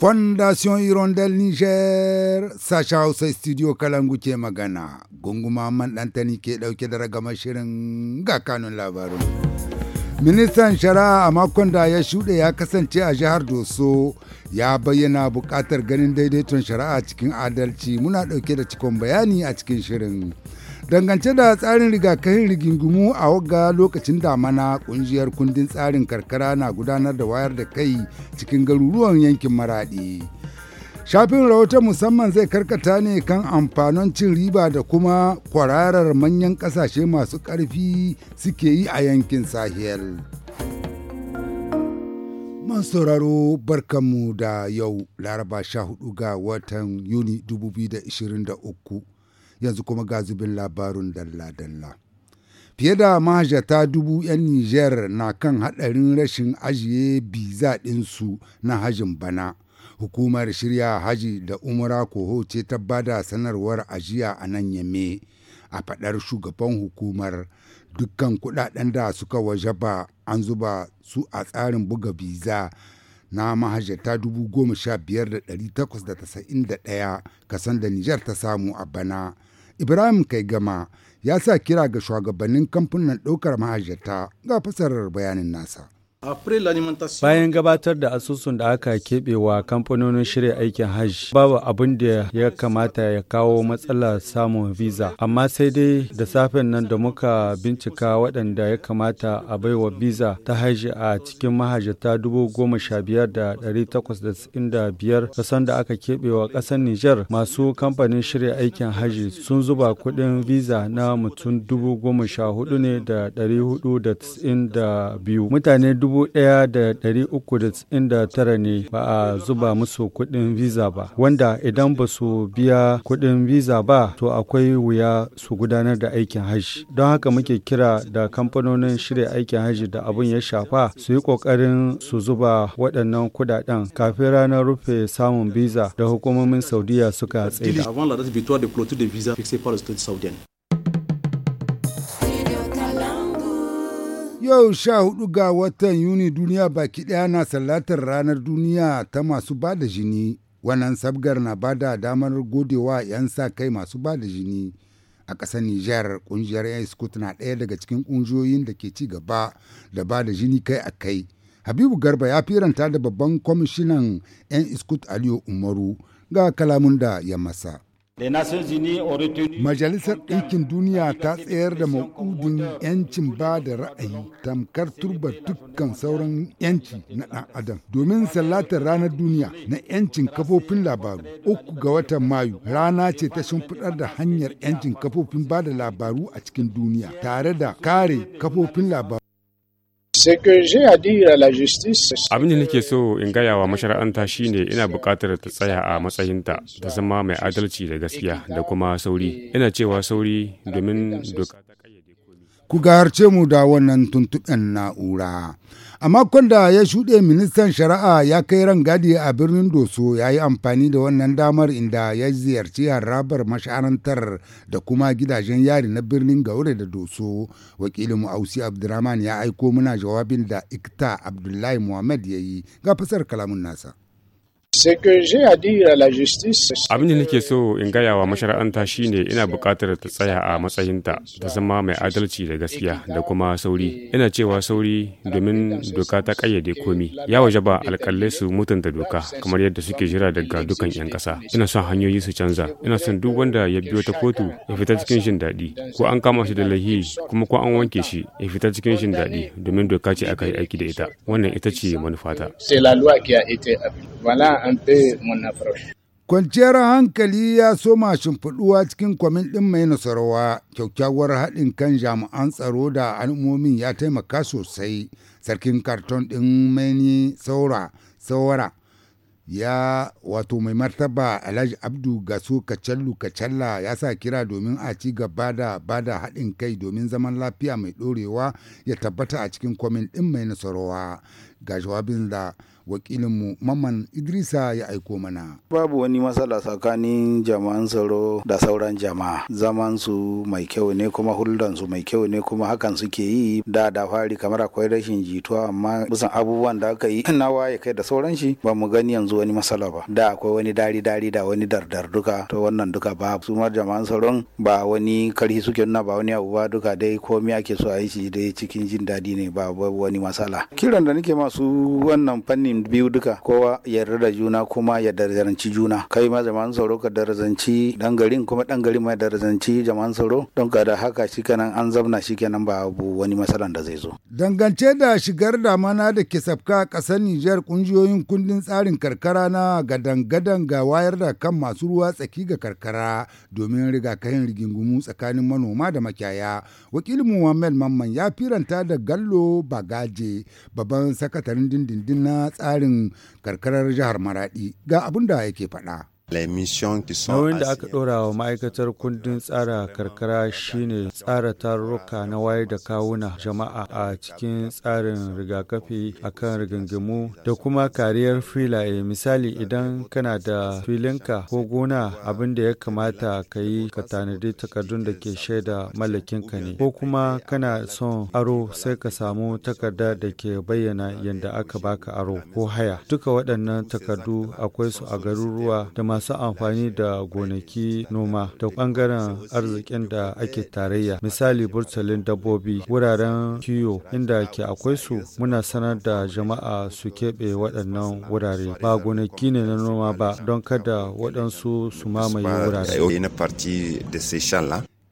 fondation irondel niger sacha hausa studio kalangu ke magana gunguma man ɗantani ke ɗauke da ragama shirin ga kanun labarun. ministan shari'a a makon da ya shuɗe ya kasance a jihar doso ya bayyana buƙatar ganin daidaiton shari'a cikin adalci muna ɗauke da cikon bayani a cikin shirin Dangance da tsarin rigakafin rigingimu a wagga lokacin damana kungiyar kundin tsarin karkara na gudanar da wayar da kai cikin garuruwan yankin maraɗi. Shafin rahoton musamman zai karkata ne kan amfanin cin riba da kuma kwararar manyan ƙasashe masu karfi suke yi a yankin Sahel. Man sauraro barkanmu da yau Laraba 14 ga watan Yuni 2023. yanzu kuma ga zubin labarun dalla-dalla. Fiye da mahajata dubu 'yan Nijar na kan haɗarin rashin ajiye biza ɗinsu na hajin bana. Hukumar shirya haji da umura koho ce ta bada sanarwar ajiya a nan yame a faɗar shugaban hukumar dukkan kuɗaɗen da suka wajaba an zuba su a tsarin buga biza na mahajjata ɗaya kasan da Nijar ta samu a bana Ibrahim Kai Gama ya sa kira ga shugabannin kamfanin ɗaukar mahajjata ga fasarar bayanin nasa. Bayan gabatar da asusun da aka keɓewa kamfanonin shirya aikin hajj babu abin da ya kamata ya kawo matsalar samun visa. Amma sai dai da safen nan da muka bincika waɗanda ya kamata a baiwa visa ta hajj a cikin mahajjata dubu goma sha biyar da ɗari takwas da da biyar kasan da aka keɓewa ƙasar Nijar masu kamfanin shirya aikin hajj sun zuba kuɗin visa na mutum dubu goma sha hudu ne da ɗari hudu da da biyu. Mutane dubu 1,399 ne ba a zuba musu kuɗin visa ba, wanda idan ba su biya kuɗin visa ba to akwai wuya su gudanar da aikin hajji. Don haka muke kira da kamfanonin shirya aikin hajji da abin ya shafa su yi ƙoƙarin su zuba waɗannan kuɗaɗen kafin ranar rufe samun visa da hukumomin Saudiya suka tsaye Yau sha hudu ga watan Yuni duniya baki ɗaya na sallatar ranar duniya ta masu ba da jini. Wannan sabgar na ba da damar godewa 'yan sa kai masu ba da jini. A ƙasar Nijar, ƙungiyar 'yan na ɗaya daga cikin ƙungiyoyin da ke ci gaba da ba da jini kai a kai. Habibu Garba ya firanta da babban kwamishinan 'yan iskut Aliyu Umaru ga kalamun da ya masa. Majalisar Ɗinkin Duniya ta tsayar da maƙudin 'yancin ba da ra'ayi tamkar turba dukkan sauran 'yanci na ɗan adam domin sallatar ranar duniya na 'yancin kafofin labaru uku ga watan Mayu rana ce ta shimfiɗar da hanyar 'yancin kafofin ba da labaru a cikin duniya tare da kare kafofin labaru. la Abin da nake so in gaya wa mashara'anta shine ina buƙatar ta tsaya a matsayinta ta zama mai adalci da gaskiya da kuma sauri. Ina cewa sauri domin doka ku harce mu da wannan tuntuɓen na'ura. A makon da ya shuɗe ministan shari'a ya kai rangadi a birnin Doso ya yi amfani da wannan damar inda ya ziyarci harabar masharantar da kuma gidajen yari na birnin Gaure da Doso. Wakilin Ausi Abdurrahman ya aiko muna jawabin da Ikta Abdullahi Muhammad ya yi ga fasar kalamun nasa. Abin da nake so in gaya wa mashara'anta shine ina bukatar ta tsaya a matsayinta ta zama mai adalci da gaskiya da kuma sauri. Ina cewa sauri domin doka ta ƙayyade komi. Ya waje ba alƙalai su mutunta doka kamar yadda suke jira daga dukan 'yan ƙasa. Ina son hanyoyi su canza. Ina son duk wanda ya biyo ta kotu ya fita cikin shin daɗi. Ko an kama shi da lahi kuma ko an wanke shi ya fita cikin shin daɗi domin doka ce aka yi aiki da ita. Wannan ita ce manufata. Voilà un Kwanciyar hankali ya soma shimfiɗuwa cikin kwamin ɗin mai nasarawa, kyakkyawar haɗin kan jami'an tsaro da al'ummomin ya taimaka sosai. Sarkin karton ɗin mai saura, saura ya wato mai martaba Alhaji Abdu Gaso Kacallu Kacalla ya sa kira domin a ci gaba da bada haɗin kai domin zaman lafiya mai ɗorewa ya tabbata a cikin kwamin ɗin mai nasarawa. Ga jawabin da wakilinmu Mamman Idrisa ya aiko mana. Babu wani matsala tsakanin jama'an tsaro da sauran jama'a. Zaman su mai kyau ne kuma huldan su mai kyau ne kuma hakan suke yi da da fari kamar akwai rashin jituwa amma bisan abubuwan da aka yi na waye kai da sauran shi ba mu gani yanzu wani matsala ba. Da akwai wani dari dari da wani dardar duka to wannan duka ba su ma jama'an tsaron ba wani karhi suke nuna ba wani abu ba duka dai komai ake so a yi shi dai cikin jin daɗi ne ba wani matsala. Kiran da nake masu wannan fannin biyu duka kowa ya da juna kuma ya darajanci juna kai ma jama'an tsaro ka darajanci dan garin kuma dan garin ma ya darajanci jama'an tsaro don ka da haka shikenan an zamna shikenan ba abu wani matsalan da zai zo dangance da shigar da mana da ke safka a ƙasar Nijar kungiyoyin kundin tsarin karkara na gadan ga wayar da kan masu ruwa tsaki ga karkara domin rigakafin rigingumu tsakanin manoma da makiyaya wakilin Muhammad Mamman ya firanta da Gallo Bagaje babban sakataren dindindin na tsarin karkarar jihar Maraɗi ga abin da yake faɗa. Nauyin da aka ɗora wa ma'aikatar kundin tsara karkara shine tsara tarurruka na waye da kawuna jama'a a cikin tsarin rigakafi akan rigingimu da kuma kariyar filaye misali idan kana da filinka ko gona abin da ya kamata ka yi ka tanadi takardun da ke shaida mallakinka ne ko kuma kana son aro sai ka samu takarda da ke bayyana yadda aka baka aro ko haya duka waɗannan takardu akwai su a garuruwa da masu amfani da gonaki noma da bangaren arzikin da ake tarayya misali burtalin dabbobi wuraren kiyo inda ke akwai su muna sanar da jama'a su keɓe waɗannan wurare ba gonaki ne na noma ba don kada waɗansu su mamaye wurare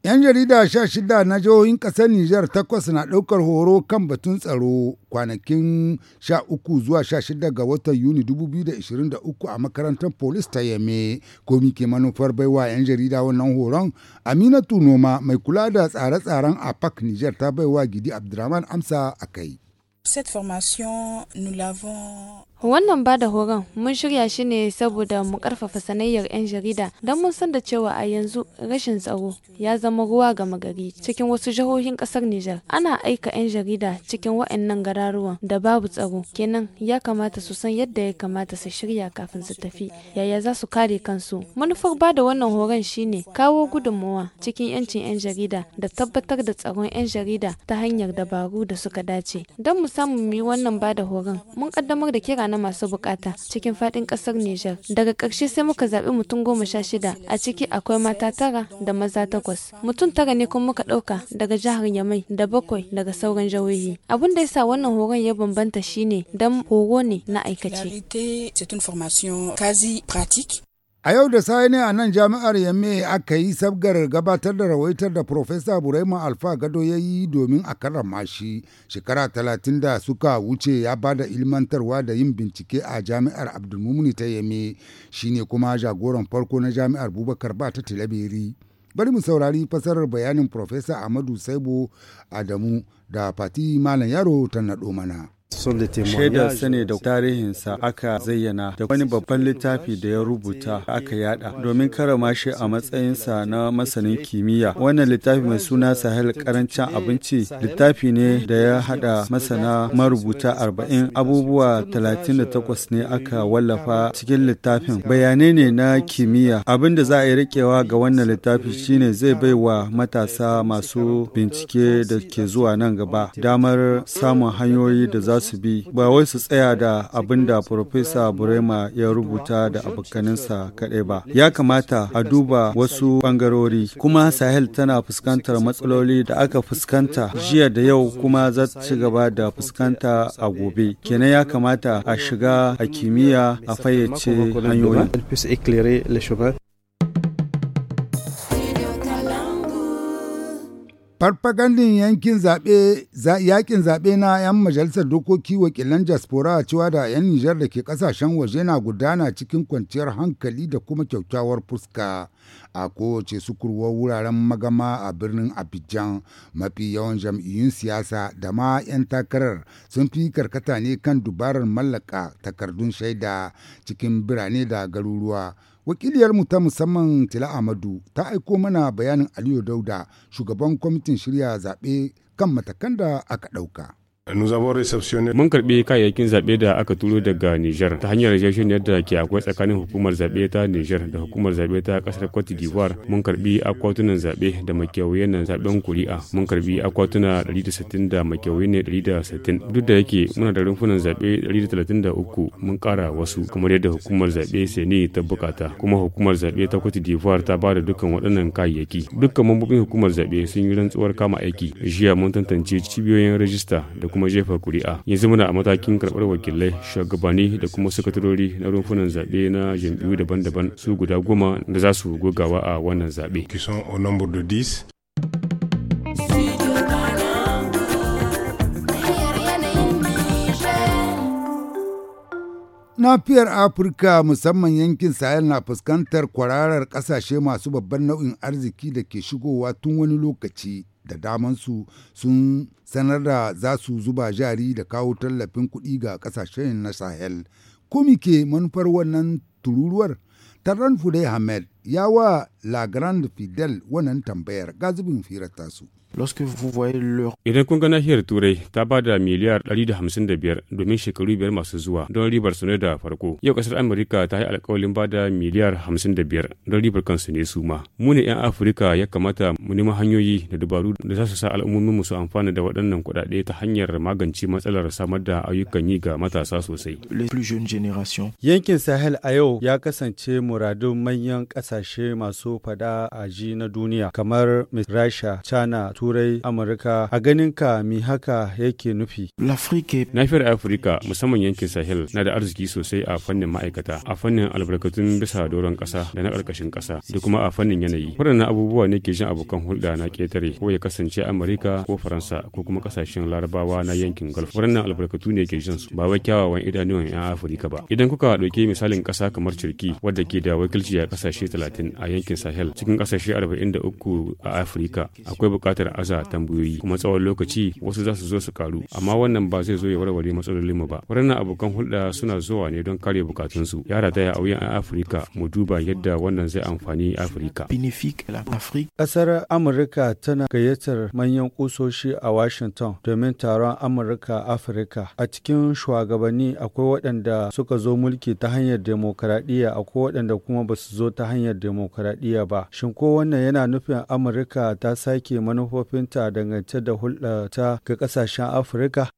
'Yan jarida sha shida na jihohin ƙasar Nijar takwas na ɗaukar horo kan batun tsaro kwanakin sha uku zuwa sha shida ga watan Yuni 2023 a makarantar polis ta Yame. Komi ke manufar baiwa 'yan jarida wannan horon? Aminatu Noma mai kula da tsare-tsaren a APAC Nijar ta baiwa Gidi Abdurrahman Amsa a kai. Cette formation, nous l'avons Wannan ba da horon mun shirya shi ne saboda mu karfafa sanayyar 'yan jarida don mun san da cewa a yanzu rashin tsaro ya zama ruwa ga magari cikin wasu jihohin kasar Nijar. Ana aika 'yan jarida cikin wa'annan gararuwan da babu tsaro kenan ya kamata su san yadda ya kamata su shirya kafin su tafi yaya za su kare kansu. Manufar ba da wannan horon shine kawo gudunmawa cikin 'yancin 'yan jarida da tabbatar da tsaron 'yan jarida ta hanyar dabaru da suka dace. Don mu samu mu yi wannan ba da horon mun kaddamar da kira na masu bukata cikin faɗin ƙasar Nijar. Daga ƙarshe sai muka zaɓi mutum goma sha shida a ciki akwai mata tara da maza takwas. Mutum tara ne kuma muka ɗauka daga jihar Yamai da bakwai daga sauran jihohi. Abin da yasa wannan horon ya bambanta shine dan horo ne na aikace. A yau da sai ne a nan jami'ar Yamme aka yi sabgar gabatar da rawaitar da Profesa Buraima Alfa Gado ya yi domin a karrama shi. Shekara talatin da suka wuce ya ba da ilmantarwa da yin bincike a jami'ar Abdulmumuni ta Yamme shi ne kuma jagoran farko na jami'ar Bubakar ba ta Tilaberi. Bari mu saurari fasarar bayanin Profesa Ahmadu Saibo Adamu da Fati Malam Yaro ta naɗo mana. Shaidar sani da tarihinsa aka zayyana da wani babban littafi da ya rubuta aka yada domin karama shi a matsayinsa na masanin kimiyya. Wannan littafi mai suna Sahel karancin abinci littafi ne da ya hada masana marubuta arba'in abubuwa 38 ne aka wallafa cikin littafin. Bayanai ne na kimiyya. Abin da za a yi rikewa ga wannan littafi shine zai bai wa matasa masu bincike da ke zuwa nan gaba damar samun hanyoyi da za su bi ba wai su tsaya da abin da Profesa Burema ya rubuta da abokaninsa kaɗai ba. Ya kamata a duba wasu bangarori kuma Sahel tana fuskantar matsaloli da aka fuskanta jiya da yau kuma za ta ci gaba da fuskanta a gobe. Kenan ya kamata a shiga a kimiyya a fayyace hanyoyi. farfagandin yankin zaɓe yakin zaɓe na 'yan majalisar dokoki wakilan jaspora a cewa da 'yan nijar da ke ƙasashen waje na gudana cikin kwanciyar hankali da kuma kyaukyawar fuska a kowace sukurwar wuraren magama a birnin abidjan mafi yawan jam'iyyun siyasa da ma 'yan takarar sun fi karkata ne kan dubarar mallaka takardun shaida cikin birane da garuruwa wakiliyarmu ta musamman tila ahmadu ta aiko mana bayanin aliyu dauda shugaban kwamitin shirya zaɓe kan matakan da aka ɗauka. Mun karɓi kayayyakin zaɓe da aka turo daga Nijar ta hanyar yarjejeniyar yadda ke akwai tsakanin hukumar zaɓe ta Nijar da hukumar zaɓe ta ƙasar Cote d'Ivoire. Mun karɓi akwatunan zaɓe da makewayen na zaɓen kuri'a. Mun karɓi akwatuna 160 da makewaye ne 160. Duk da yake muna da rumfunan zaɓe 133 mun ƙara wasu kamar yadda hukumar zaɓe sani ta bukata. Kuma hukumar zaɓe ta Cote d'Ivoire ta ba da dukkan waɗannan kayayyaki. Dukkan mambobin hukumar zaɓe sun yi rantsuwar kama aiki. Jiya mun tantance cibiyoyin rajista da kuma jefa kuri'a yanzu muna a matakin karbar wakilai shugabanni da kuma sakatarori na rumfunan zaɓe na jam'iyyu daban-daban su guda goma da za su gogawa a wannan zaɓe nafiyar afirka musamman yankin sahel na fuskantar kwararar kasashe masu babban nau'in arziki da ke shigowa tun wani lokaci da damansu sun sanar da za su zuba jari da kawo tallafin kuɗi ga ƙasashen na sahel komi ke manufar wannan tururuwar taron fudai hamed ya wa la grande fidel wannan tambayar gazibin firar tasu vous Idan kun ga nahiyar Turai ta ba da miliyar 155 domin shekaru biyar masu zuwa don ribar su ne da farko. Yau kasar Amurka ta yi alkawalin ba da miliyar 55 don ribar kansu ne su ma. Mu ne 'yan Afirka ya kamata mu nemi hanyoyi da dabaru da za su sa al'ummomin su amfana da waɗannan kuɗaɗe ta hanyar magance matsalar samar da ayyukan yi ga matasa sosai. Yankin Sahel a yau ya kasance muradun manyan ƙasashe masu fada a ji na duniya kamar Rasha, China, turai amurka a ganin ka mi haka yake nufi nafiyar afirka musamman yankin sahel na da arziki sosai a fannin ma'aikata a fannin albarkatun bisa doron kasa da na karkashin kasa da kuma a fannin yanayi waɗannan abubuwa ne ke jin abokan hulɗa na ketare ko ya kasance amurka ko faransa ko kuma kasashen larabawa na yankin gulf waɗannan albarkatu ne ke jin su ba wai kyawawan idanuwan 'yan afirka ba idan kuka ɗauki misalin ƙasa kamar turki wadda ke da wakilci a kasashe talatin a yankin sahel cikin ƙasashe uku a afirka akwai buƙatar aza tambayoyi kuma tsawon lokaci wasu za su zo su karu amma wannan ba zai zo ya warware matsalolin mu ba waɗannan abokan hulɗa suna zuwa ne don kare bukatun su yara daya a afirka mu duba yadda wannan zai amfani afirka ƙasar amurka tana gayyatar manyan kusoshi a washington domin taron amurka afirka a cikin shugabanni akwai waɗanda suka zo mulki ta hanyar demokaradiyya akwai waɗanda kuma ba su zo ta hanyar demokaradiyya ba shin ko wannan yana nufin amurka ta sake manufofin. kafofinta dangance da hulɗata ga ƙasashen Afirka.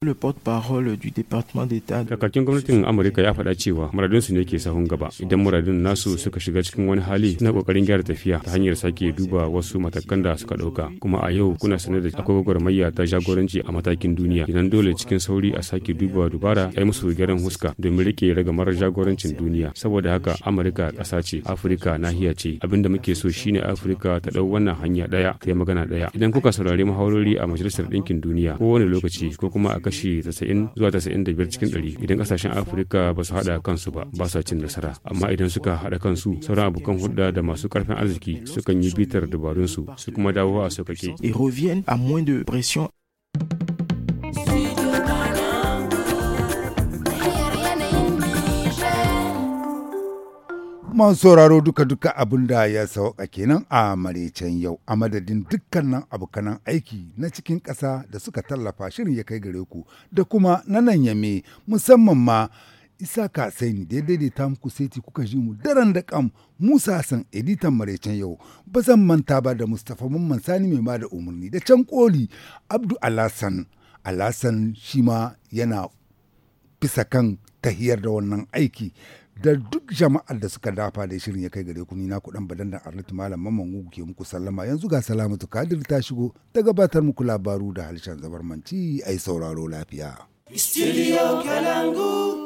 Kakakin gwamnatin Amurka ya faɗa cewa su ne ke sahun gaba. Idan muradun nasu suka shiga cikin wani hali na ƙoƙarin gyara tafiya ta hanyar sake duba wasu matakan da suka ɗauka. Kuma a yau kuna sanar da akwai mayya ta jagoranci a matakin duniya. Idan dole cikin sauri a sake duba dubara ai musu gyaran huska domin rike ragamar jagorancin duniya. Saboda haka Amurka ƙasa ce, Afirka nahiya ce. Abinda muke so shine Afirka ta ɗau wannan hanya ɗaya ta magana ɗaya. Idan kuka saurari muhawarori a majalisar ɗinkin duniya kowane lokaci ko kuma a kashi 90 zuwa 95 cikin 100 idan kasashen afirka ba su haɗa kansu ba ba su cin nasara amma idan suka haɗa kansu sauran abokan hulɗa da masu ƙarfin arziki sukan yi bitar dabarunsu su kuma dawo a sauƙaƙe. masu sauraro duka-duka abin da ya sauka kenan a maraicen yau a madadin dukkanin abokanan aiki na cikin ƙasa da suka tallafa shirin ya kai gare ku da kuma na nan yame musamman ma isa ka sai ni daidai ta muku seti kuka ji mu daren da kam musa san editan maraicen yau ba zan manta ba da mustapha mamman sani mai ma da umarni da can koli abdu alasan alasan shi ma yana bisa kan tahiyar da wannan aiki da duk jama'ar da suka dafa da shirin ya kai gare ku ni na kudan badan da Arlit Malam Mamman Gugu ke muku sallama yanzu ga Salamatu Kadir ta shigo ta gabatar muku labaru da halshen zabarmanci ai sauraro lafiya. Studio Kalangu.